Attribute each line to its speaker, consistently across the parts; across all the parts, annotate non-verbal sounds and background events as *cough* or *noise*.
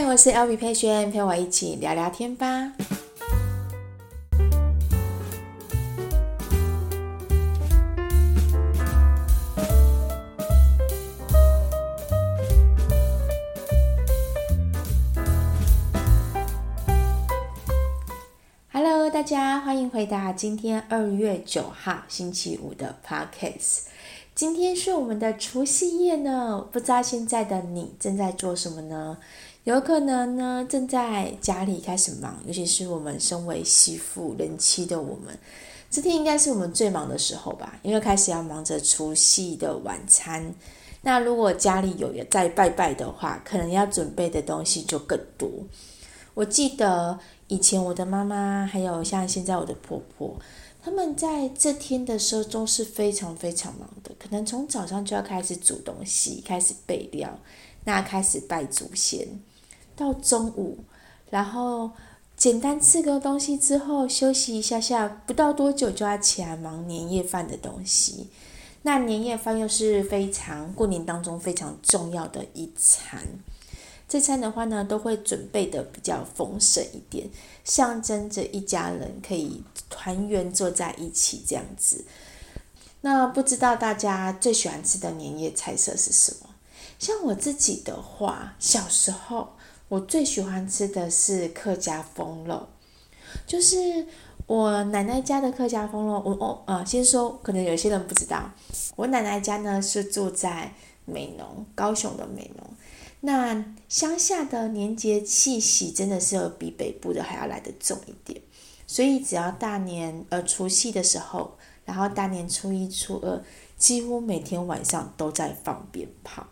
Speaker 1: Hi, 我是 LV 佩璇，陪我一起聊聊天吧。Hello，大家歡迎回到今天二月九號星期五的 Podcast。今天是我們的除夕夜呢，不知道現在的你正在做什麼呢？有可能呢，正在家裡開始忙，尤其是我們身為媳婦、人妻的我們，這天應該是我們最忙的時候吧，因為開始要忙着除夕的晚餐。那如果家裡有人在拜拜的話，可能要準備的東西就更多。我記得以前我的媽媽，還有像現在我的婆婆，他們在這天的時候都是非常非常忙的，可能從早上就要開始煮東西，開始備料，那開始拜祖先。到中午，然後簡單吃個東西之後休息一下下，不到多久就要起來忙年夜飯的東西。那年夜飯又是非常過年當中非常重要的一餐，這餐的話呢，都會準備得比較豐盛一點，象徵着一家人可以團圓坐在一起這樣子。那不知道大家最喜歡吃的年夜菜色是什麼？像我自己的話，小時候。我最喜歡吃的是客家風肉，就是我奶奶家的客家風肉。我哦，呃先說，可能有些人不知道，我奶奶家呢是住在美濃，高雄的美濃。那鄉下的年節氣息真的是比北部的還要來得重一點，所以只要大年呃除夕的時候，然後大年初一、初二，幾乎每天晚上都在放鞭炮。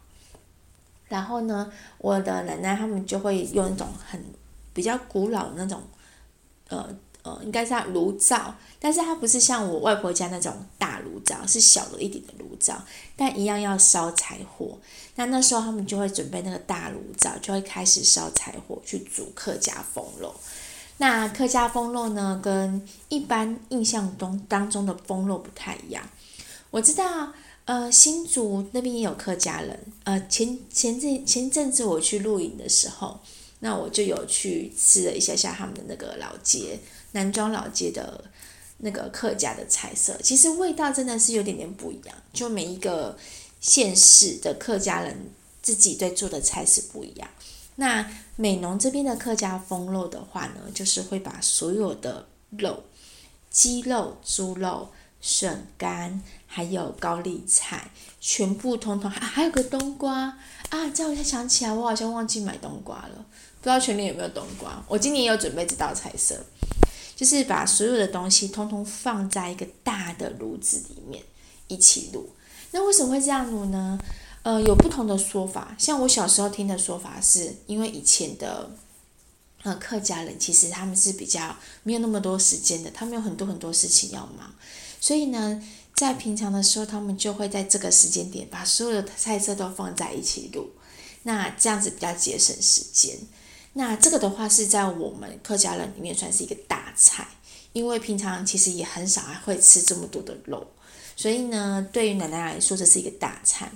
Speaker 1: 然後呢，我的奶奶他們就會用一種很比較古老的那種，呃呃，應該是叫爐灶，但是它不是像我外婆家那種大爐灶，是小了一點的爐灶，但一樣要燒柴火。那那時候他們就會準備那個大爐灶，就會開始燒柴火去煮客家封肉。那客家封肉呢，跟一般印象中當中的封肉不太一樣。我知道。呃，新竹那邊也有客家人。呃，前前陣前陣子我去露營的時候，那我就有去吃了一下下他們的那個老街，南莊老街的那個客家的菜色，其實味道真的是有點點不一樣。就每一個縣市的客家人自己在做的菜是不一樣。那美濃這邊的客家封肉的話呢，就是會把所有的肉、雞肉、豬肉。筍乾，還有高麗菜，全部通通還還有個冬瓜啊！這我才想起來，我好像忘記買冬瓜了。不知道全年有沒有冬瓜？我今年也有準備這道菜色，就是把所有的東西通通放在一個大的爐子裡面一起滷。那為什麼會這樣滷呢？呃，有不同的說法。像我小時候聽的說法是，是因為以前的呃客家人其實他們是比較沒有那麼多時間的，他們有很多很多事情要忙。所以呢，在平常的時候，他們就會在這個時間點把所有的菜色都放在一起滷，那這樣子比較節省時間。那這個的話是在我們客家人裡面算是一個大菜，因為平常其實也很少還會吃這麼多的肉，所以呢，對於奶奶來說，這是一個大菜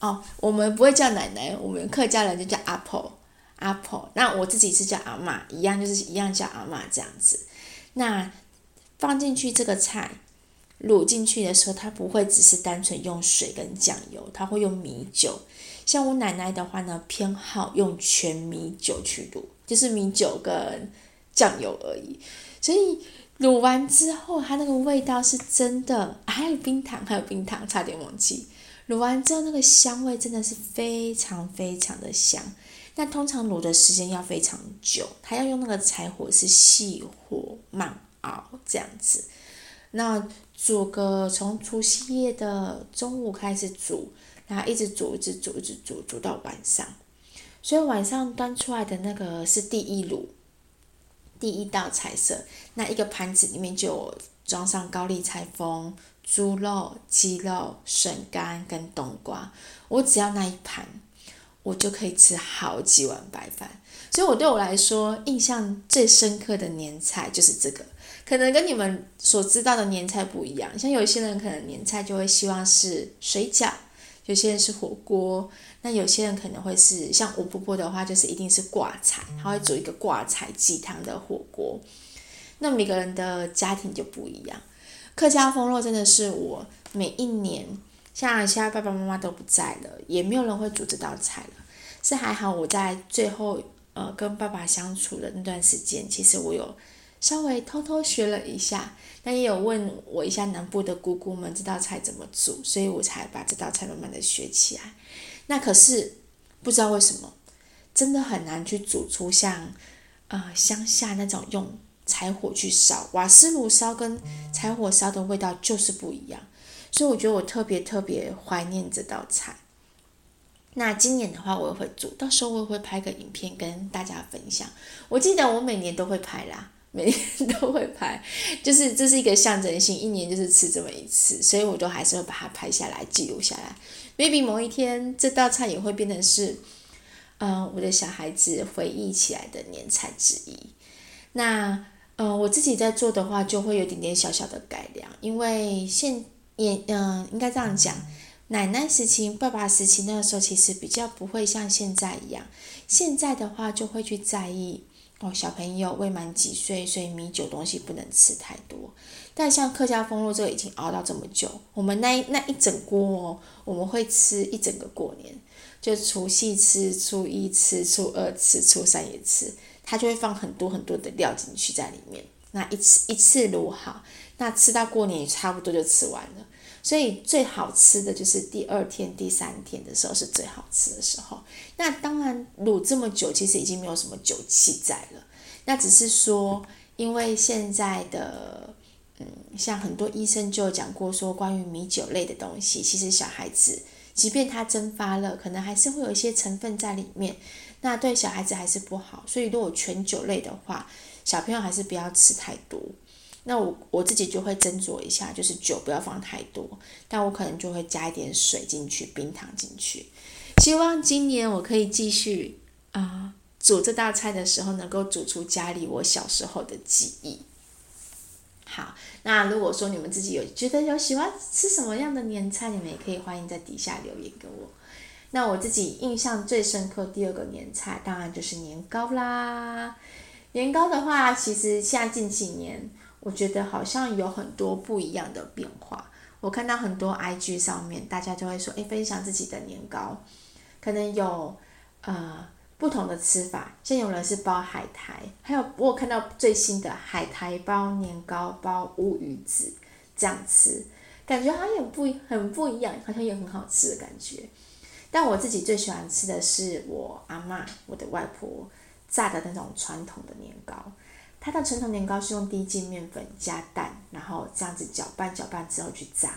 Speaker 1: 哦。我們不會叫奶奶，我們客家人就叫阿婆，阿婆。那我自己是叫阿嬤，一樣就是一樣叫阿嬤這樣子。那放進去這個菜。滷進去的時候，他不會只是單純用水跟醬油，他會用米酒。像我奶奶的話呢，偏好用全米酒去滷，就是米酒跟醬油而已。所以滷完之後，它那個味道是真的，還有冰糖，還有冰糖，差點忘記。滷完之後那個香味真的是非常非常的香。但通常滷的時間要非常久，他要用那個柴火是細火慢熬這樣子。那煮個從除夕夜的中午開始煮，然後一直煮，一直煮，一直煮，一直煮，煮到晚上。所以晚上端出來的那個是第一爐，第一道菜色。那一個盤子裡面就裝上高麗菜、風豬肉、雞肉、筍乾跟冬瓜。我只要那一盤，我就可以吃好幾碗白飯。所以，我對我來說，印象最深刻的年菜就是這個。可能跟你們所知道的年菜不一樣，像有些人可能年菜就會希望是水餃，有些人是火鍋，那有些人可能會是像我婆婆的話，就是一定是刈菜，她會煮一個刈菜雞湯的火鍋。那每個人的家庭就不一樣，客家封肉真的是我每一年，像現在爸爸媽媽都不在了，也沒有人會煮這道菜了，是還好我在最後呃跟爸爸相處的那段時間，其實我有。稍微偷偷學了一下，但也有問我一下南部的姑姑們這道菜怎麼煮，所以我才把這道菜慢慢的學起來。那可是不知道為什麼，真的很難去煮出像，呃，鄉下那種用柴火去燒，瓦斯爐燒跟柴火燒的味道就是不一樣。所以我覺得我特別特別懷念這道菜。那今年的話，我也會煮，到時候我也會拍個影片跟大家分享。我記得我每年都會拍啦。每天都會拍，就是這是一個象徵性，一年就是吃這麼一次，所以我都還是會把它拍下來記錄下來。Maybe 某一天這道菜也會變成是，嗯、呃，我的小孩子回憶起來的年菜之一。那，嗯、呃，我自己在做的話就會有點點小小的改良，因為現也，嗯、呃，應該這樣講，奶奶時期、爸爸時期那個時候其實比較不會像現在一樣，現在的話就會去在意。哦，小朋友未滿幾歲，所以米酒東西不能吃太多。但像客家風肉這個已經熬到這麼久，我們那一那一整鍋，哦，我們會吃一整個過年，就除夕吃、初一吃、初二吃、初三也吃，它就會放很多很多的料進去在裡面。那一次一次滷好，那吃到過年差不多就吃完了。所以最好吃的就是第二天、第三天的時候是最好吃的時候。那當然滷這麼久，其實已經沒有什麼酒氣在了。那只是說，因為現在的，嗯，像很多醫生就講過說，關於米酒類的東西，其實小孩子即便它蒸發了，可能還是會有一些成分在裡面。那對小孩子還是不好。所以如果全酒類的話，小朋友還是不要吃太多。那我我自己就會斟酌一下，就是酒不要放太多，但我可能就會加一點水進去，冰糖進去。希望今年我可以繼續啊、呃，煮這道菜的時候能夠煮出家裡我小時候的記憶。好，那如果說你們自己有覺得有喜歡吃什麼樣的年菜，你們也可以歡迎在底下留言給我。那我自己印象最深刻的第二個年菜，當然就是年糕啦。年糕的話，其實像近幾年。我覺得好像有很多不一樣的變化。我看到很多 IG 上面，大家就會說，哎，分享自己的年糕，可能有呃不同的吃法。像有人是包海苔，還有我看到最新的海苔包年糕包烏魚子這樣吃，感覺好像也不很不一樣，好像也很好吃的感覺。但我自己最喜歡吃的是我阿嬤、我的外婆炸的那種傳統的年糕。它的傳統年糕是用低筋麵粉加蛋，然後這樣子攪拌攪拌之後去炸。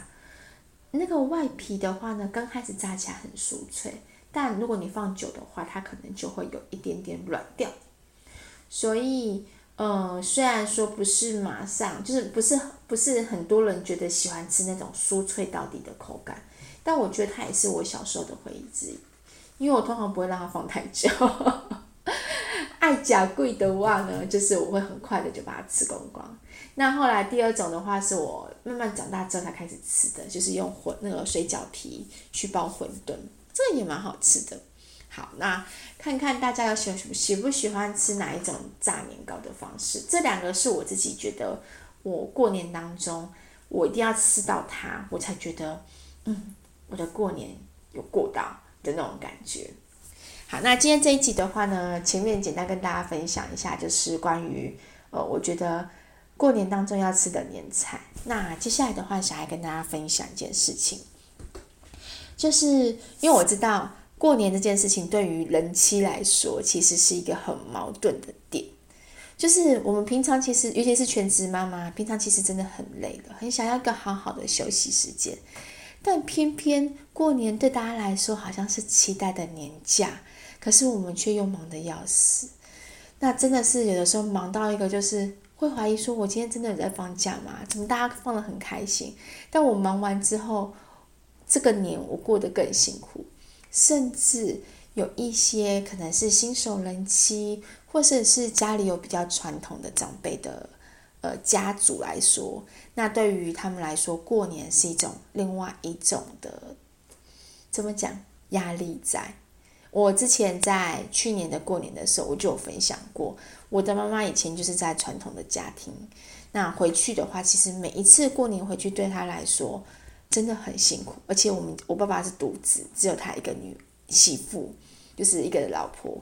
Speaker 1: 那個外皮的話呢，剛開始炸起來很酥脆，但如果你放久的話，它可能就會有一點點軟掉。所以，呃、嗯，雖然說不是馬上，就是不是不是很多人覺得喜歡吃那種酥脆到底的口感，但我覺得它也是我小時候的回憶之一，因為我通常不會讓它放太久。 *laughs* 愛吃鬼的話呢，就是我會很快的就把它吃光光。那後來第二種的話，是我慢慢長大之後才開始吃的，就是用餛那個水餃皮去包餛飩，這個也蠻好吃的。好，那看看大家要喜歡什麼，喜不喜歡吃哪一種炸年糕的方式？這兩個是我自己覺得，我過年當中我一定要吃到它，我才覺得，嗯，我的過年有過到的那種感覺。好，那今天這一集的話呢，前面簡單跟大家分享一下，就是關於呃，我覺得過年當中要吃的年菜。那接下來的話，想要跟大家分享一件事情，就是因為我知道過年這件事情對於人妻來說，其實是一個很矛盾的點，就是我們平常其實，尤其是全職媽媽，平常其實真的很累的，很想要一個好好的休息時間，但偏偏過年對大家來說，好像是期待的年假。可是我們卻又忙得要死，那真的是有的時候忙到一個，就是會懷疑說，我今天真的有在放假嗎？怎麼大家放得很開心？但我忙完之後，這個年我過得更辛苦。甚至有一些可能是新手人妻，或者是家裡有比較傳統的長輩的呃家族來說，那對於他們來說，過年是一種另外一種的，怎麼講，壓力在。我之前在去年的過年的時候，我就有分享過，我的媽媽以前就是在傳統的家庭。那回去的話，其實每一次過年回去，對她來說真的很辛苦。而且我們我爸爸是獨子，只有她一個女媳婦，就是一個老婆，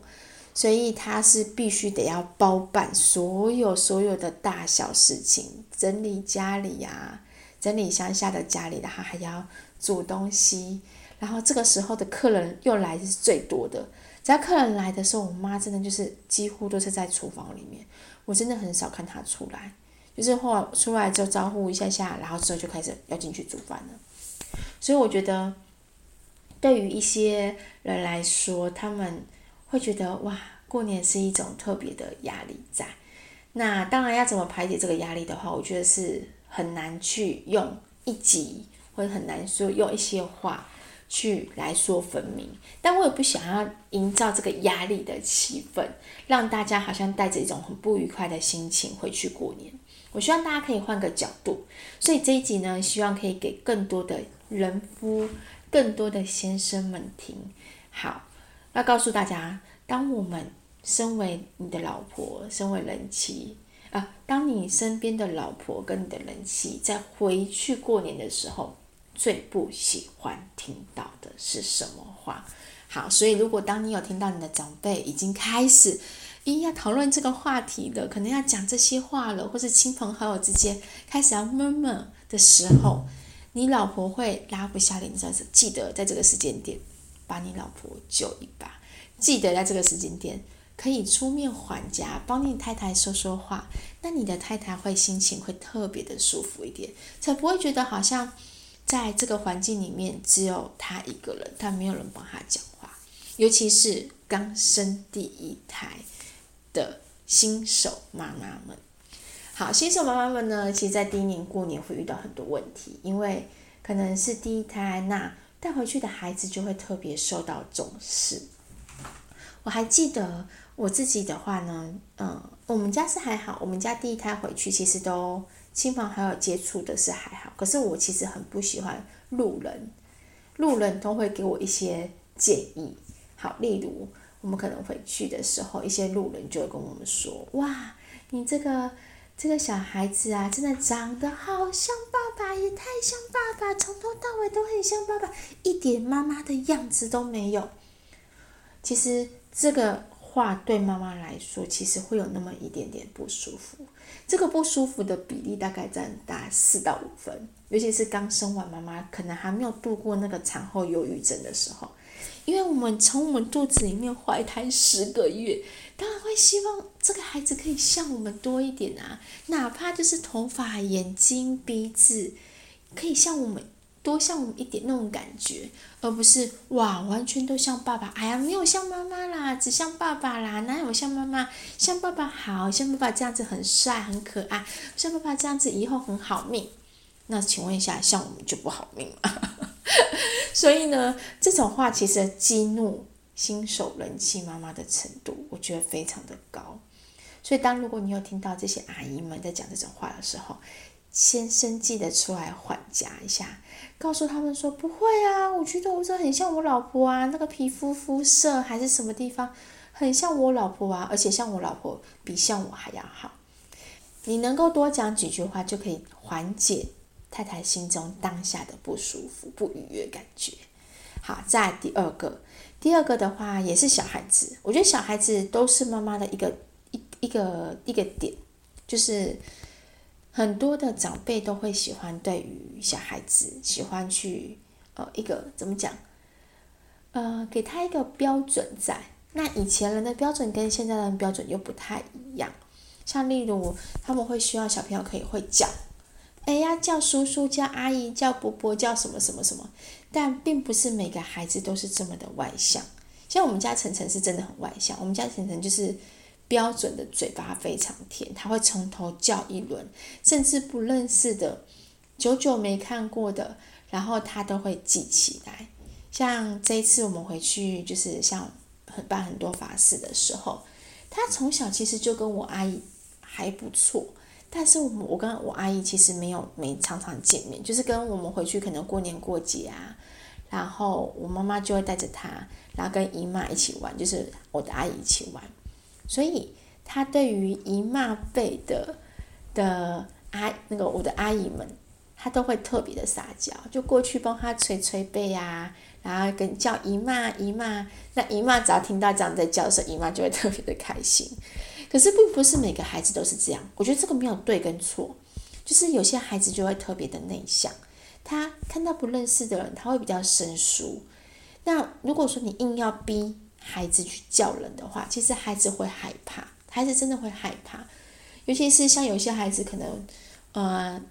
Speaker 1: 所以她是必須得要包辦所有所有的大小事情，整理家裡呀、啊，整理鄉下的家裡，的，她還要煮東西。然後這個時候的客人又來是最多的。只要客人來的時候，我媽真的就是幾乎都是在廚房裡面，我真的很少看她出來，就是後來出來就招呼一下下，然後之後就開始要進去煮飯了。所以我覺得，對於一些人來說，他們會覺得哇，過年是一種特別的壓力在。那當然要怎麼排解這個壓力的話，我覺得是很難去用一集，或者很難說用一些話。去來說分明，但我也不想要營造這個壓力的氣氛，讓大家好像帶着一種很不愉快的心情回去過年。我希望大家可以換個角度，所以這一集呢，希望可以給更多的人夫、更多的先生們聽。好，那告訴大家，當我們身為你的老婆、身為人妻啊，當你身邊的老婆跟你的人妻在回去過年的時候。最不喜歡聽到的是什麼話？好，所以如果當你有聽到你的長輩已經開始，一要討論這個話題了，可能要講這些話了，或是親朋好友之間開始要悶悶的時候，你老婆會拉不下臉，算記得在這個時間點把你老婆救一把，記得在這個時間點可以出面緩頰，幫你太太說說話，那你的太太會心情會特別的舒服一點，才不會覺得好像。在這個環境裡面，只有他一個人，他沒有人幫他講話，尤其是剛生第一胎的新手媽媽們。好，新手媽媽們呢，其實，在第一年過年會遇到很多問題，因為可能是第一胎，那帶回去的孩子就會特別受到重視。我還記得我自己的話呢，嗯，我們家是還好，我們家第一胎回去其實都。親朋好友接觸的是還好，可是我其實很不喜歡路人，路人都會給我一些建議。好，例如我們可能回去的時候，一些路人就會跟我們說：“哇，你這個這個小孩子啊，真的長得好像爸爸，也太像爸爸，從頭到尾都很像爸爸，一點媽媽的樣子都沒有。”其實這個話對媽媽來說，其實會有那麼一點點不舒服。這個不舒服的比例大概占大四到五分，尤其是剛生完媽媽，可能還沒有度過那個產後憂鬱症的時候，因為我們從我們肚子裡面懷胎十個月，當然會希望這個孩子可以像我們多一點啊，哪怕就是頭髮、眼睛、鼻子，可以像我們。多像我們一點那種感覺，而不是哇，完全都像爸爸。哎呀，沒有像媽媽啦，只像爸爸啦，哪有像媽媽？像爸爸好，像爸爸這樣子很帥很可愛，像爸爸這樣子以後很好命。那請問一下，像我們就不好命了。 *laughs* 所以呢，這種話其實激怒新手人妻媽媽的程度，我覺得非常的高。所以，當如果你有聽到這些阿姨們在講這種話的時候，先生記得出來緩頰一下。告訴他們說，不會啊，我覺得我這很像我老婆啊，那個皮膚膚色還是什麼地方，很像我老婆啊，而且像我老婆比像我還要好。你能夠多講幾句話，就可以緩解太太心中當下的不舒服、不愉悅感覺。好，再第二個，第二個的話也是小孩子，我覺得小孩子都是媽媽的一個一一個一個點，就是。很多的長輩都會喜歡對於小孩子喜歡去呃、哦、一個怎麼講，呃給他一個標準在。那以前人的標準跟現在人的標準又不太一樣。像例如他們會希望小朋友可以會叫，哎呀叫叔叔、叫阿姨、叫伯伯、叫什麼什麼什麼。但並不是每個孩子都是這麼的外向。像我們家晨晨是真的很外向，我們家晨晨就是。標準的嘴巴非常甜，他會從頭叫一輪，甚至不認識的、久久沒看過的，然後他都會記起來。像這一次我們回去，就是像辦很多法事的時候，他從小其實就跟我阿姨還不錯，但是我跟我阿姨其實沒有，沒常常見面，就是跟我們回去可能過年過節啊，然後我媽媽就會帶着他，然後跟姨媽一起玩，就是我的阿姨一起玩。所以，他對於姨媽輩的的阿、啊、那個我的阿姨們，他都會特別的撒嬌，就過去幫他捶捶背啊，然後跟叫姨媽姨媽。那姨媽只要聽到這樣在叫的時候，姨媽就會特別的開心。可是，並不是每個孩子都是這樣。我覺得這個沒有對跟錯，就是有些孩子就會特別的內向，他看到不認識的人，他會比較生疏。那如果說你硬要逼，孩子去叫人的話，其實孩子會害怕，孩子真的會害怕，尤其是像有些孩子可能，呃，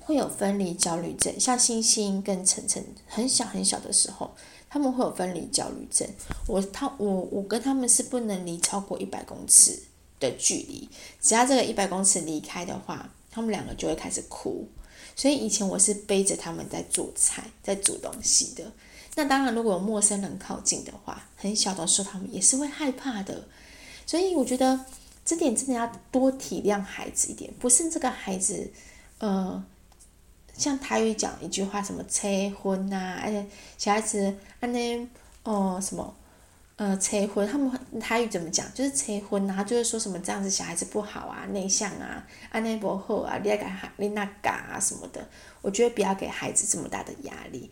Speaker 1: 會有分離焦慮症。像星星跟晨晨很小很小的時候，他們會有分離焦慮症。我他我我跟他們是不能離超過一百公尺的距離，只要這個一百公尺離開的話，他們兩個就會開始哭。所以以前我是背着他們在做菜，在煮東西的。那當然，如果有陌生人靠近的話，很小的時候他們也是會害怕的。所以我覺得這點真的要多體諒孩子一點，不是這個孩子，呃，像台語講一句話，什麼催婚吶，而、啊、且、哎、小孩子呃，那，哦什麼，呃催婚，他們台語怎麼講，就是催婚吶、啊，就是說什麼這樣子小孩子不好啊，內向啊，安尼不好啊，你那個你那個啊什麼的，我覺得不要給孩子這麼大的壓力。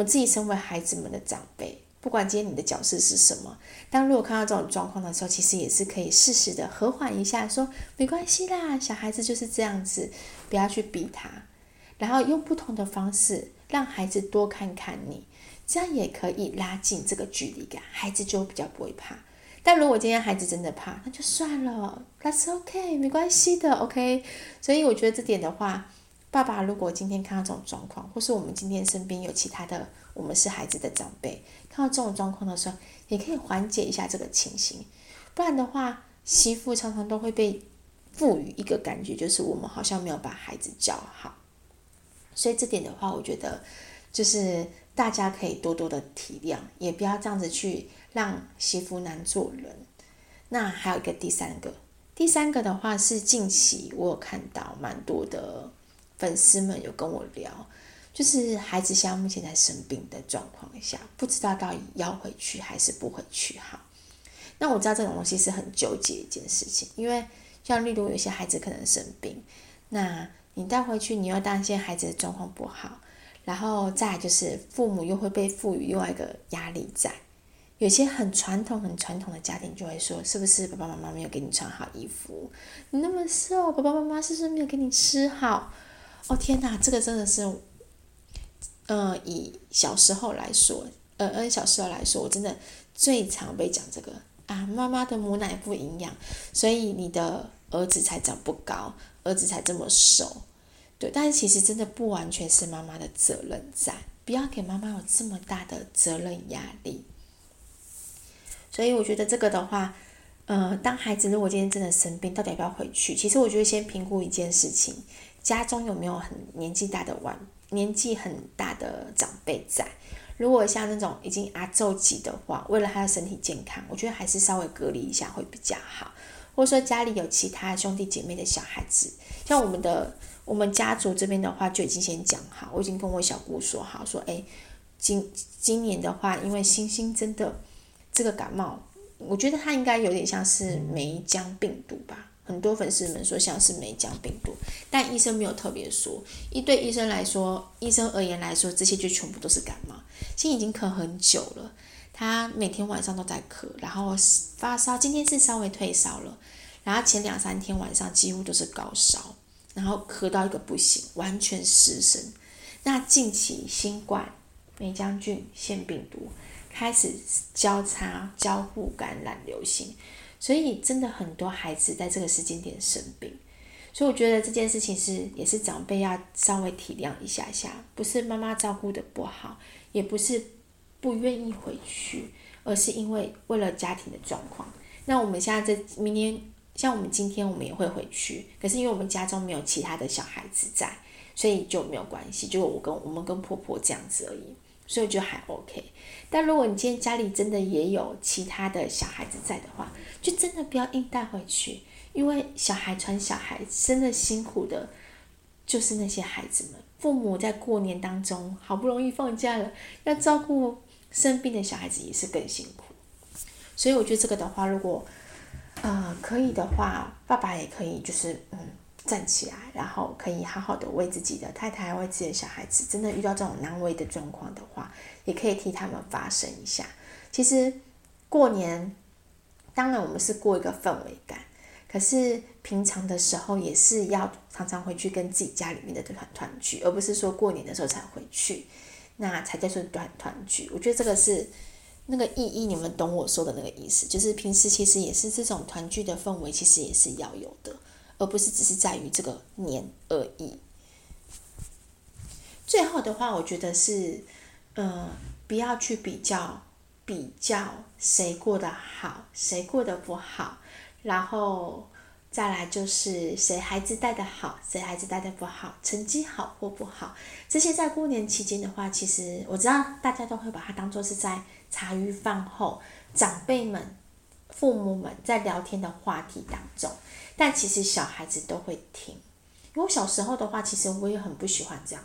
Speaker 1: 我自己身為孩子們的長輩，不管今天你的角色是什麼，當如果看到這種狀況的時候，其實也是可以適時的和緩一下，說沒關係啦，小孩子就是這樣子，不要去逼他，然後用不同的方式讓孩子多看看你，這樣也可以拉近這個距離感，孩子就比較不會怕。但如果今天孩子真的怕，那就算了，That's OK，沒關係的，OK。所以我覺得這點的話。爸爸，如果今天看到這種狀況，或是我們今天身邊有其他的，我們是孩子的長輩，看到這種狀況的時候，也可以緩解一下這個情形。不然的話，媳婦常常都會被賦予一個感覺，就是我們好像沒有把孩子教好。所以這點的話，我覺得就是大家可以多多的體諒，也不要這樣子去讓媳婦難做人。那還有一個第三個，第三個的話是近期我有看到蠻多的。粉絲們有跟我聊，就是孩子現在目前在生病的狀況下，不知道到底要回去還是不回去好。那我知道這種東西是很糾結一件事情，因為像例如有些孩子可能生病，那你帶回去，你又擔心孩子的狀況不好，然後再就是父母又會被賦予另外一個壓力在。有些很傳統、很傳統的家庭就會說，是不是爸爸媽媽沒有給你穿好衣服？你那麼瘦，爸爸媽媽是不是沒有給你吃好？哦，天哪，這個真的是，呃，以小時候來說，呃，嗯，小時候來說，我真的最常被講這個啊，媽媽的母奶不營養，所以你的兒子才長不高，兒子才這麼瘦，對。但是其實真的不完全是媽媽的責任在，不要給媽媽有這麼大的責任壓力。所以我覺得這個的話，呃，當孩子如果今天真的生病，到底要不要回去？其實我覺得先評估一件事情。家中有沒有很年紀大的玩，年紀很大的長輩在？如果像那種已經阿祖級的話，為了他的身體健康，我覺得還是稍微隔離一下會比較好。或者說家裡有其他兄弟姐妹的小孩子，像我們的我們家族這邊的話，就已經先講好，我已經跟我小姑說好，說哎、欸，今今年的話，因為星星真的這個感冒，我覺得它應該有點像是黴漿病毒吧。很多粉絲們說像是黴漿病毒，但醫生沒有特別說。一對醫生來說，醫生而言來說，這些就全部都是感冒。現在已經咳很久了，他每天晚上都在咳，然後發燒。今天是稍微退燒了，然後前兩三天晚上幾乎都是高燒，然後咳到一個不行，完全失聲。那近期新冠、黴漿菌、腺病毒開始交叉交互感染流行。所以真的很多孩子在這個時間點生病，所以我覺得這件事情是也是長輩要稍微體諒一下下，不是媽媽照顧得不好，也不是不願意回去，而是因為為了家庭的狀況。那我們現在這明天像我們今天我們也會回去，可是因為我們家中沒有其他的小孩子在，所以就沒有關係，就我跟，我們跟婆婆這樣子而已。所以就還 OK，但如果你今天家裡真的也有其他的小孩子在的話，就真的不要硬帶回去，因為小孩傳小孩真的辛苦的，就是那些孩子們，父母在過年當中好不容易放假了，要照顧生病的小孩子也是更辛苦。所以我覺得這個的話，如果，呃，可以的話，爸爸也可以，就是嗯。站起來，然後可以好好的為自己的太太，為自己的小孩子，真的遇到這種難為的狀況的話，也可以替他們發聲一下。其實過年，當然我們是過一個氛圍感，可是平常的時候也是要常常回去跟自己家裡面的團團聚，而不是說過年的時候才回去，那才叫做團團聚。我覺得這個是那個意義，你們懂我說的那個意思，就是平時其實也是這種團聚的氛圍，其實也是要有的。而不是只是在於這個年而已。最後的話，我覺得是，呃，不要去比較，比較誰過得好，誰過得不好，然後再來就是誰孩子帶得好，誰孩子帶得不好，成績好或不好，這些在過年期間的話，其實我知道大家都會把它當做是在茶餘飯後，長輩們。父母們在聊天的話題當中，但其實小孩子都會聽。我小時候的話，其實我也很不喜歡這樣。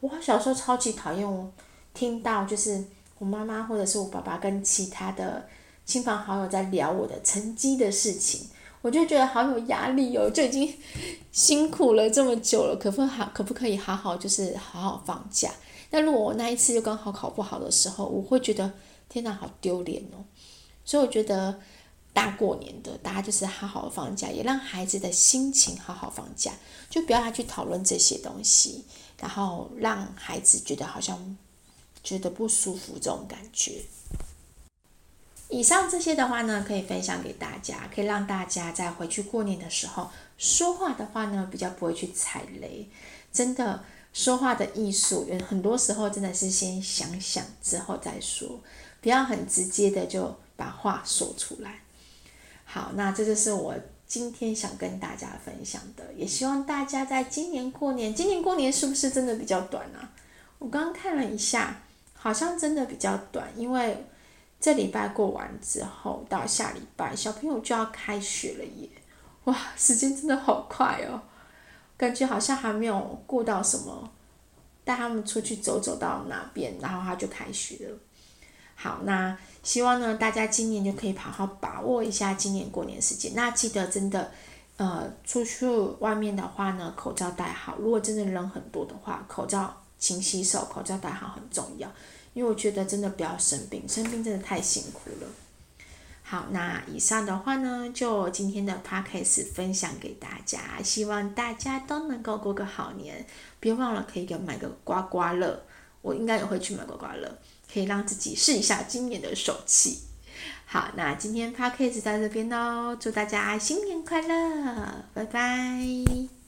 Speaker 1: 我小時候超級討厭我聽到就是我媽媽或者是我爸爸跟其他的親朋好友在聊我的成績的事情，我就覺得好有壓力哦，就已經辛苦了這麼久了，可不好可不可以好好就是好好放假？那如果我那一次又剛好考不好的時候，我會覺得天吶，好丟臉哦。所以我覺得。大過年的，大家就是好好放假，也讓孩子的心情好好放假，就不要去討論這些東西，然後讓孩子覺得好像覺得不舒服這種感覺。以上這些的話呢，可以分享給大家，可以讓大家在回去過年的時候說話的話呢，比較不會去踩雷。真的，說話的藝術，有很多時候真的是先想想之後再說，不要很直接的就把話說出來。好，那這就是我今天想跟大家分享的，也希望大家在今年過年，今年過年是不是真的比較短啊？我剛剛看了一下，好像真的比較短，因為這禮拜過完之後到下禮拜，小朋友就要開學了耶！哇，時間真的好快哦，感覺好像還沒有過到什麼，帶他們出去走走到哪邊，然後他就開學了。好，那希望呢，大家今年就可以好好把握一下今年過年時間。那記得真的，呃，出去外面的話呢，口罩戴好。如果真的人很多的話，口罩勤洗手，口罩戴好很重要。因為我覺得真的不要生病，生病真的太辛苦了。好，那以上的話呢，就今天的 Podcast 分享給大家，希望大家都能夠過個好年。別忘了可以給我買個刮刮樂，我應該也會去買刮刮樂。可以讓自己試一下今年的手氣。好，那今天 Podcast 到這邊嘍，祝大家新年快樂，拜拜。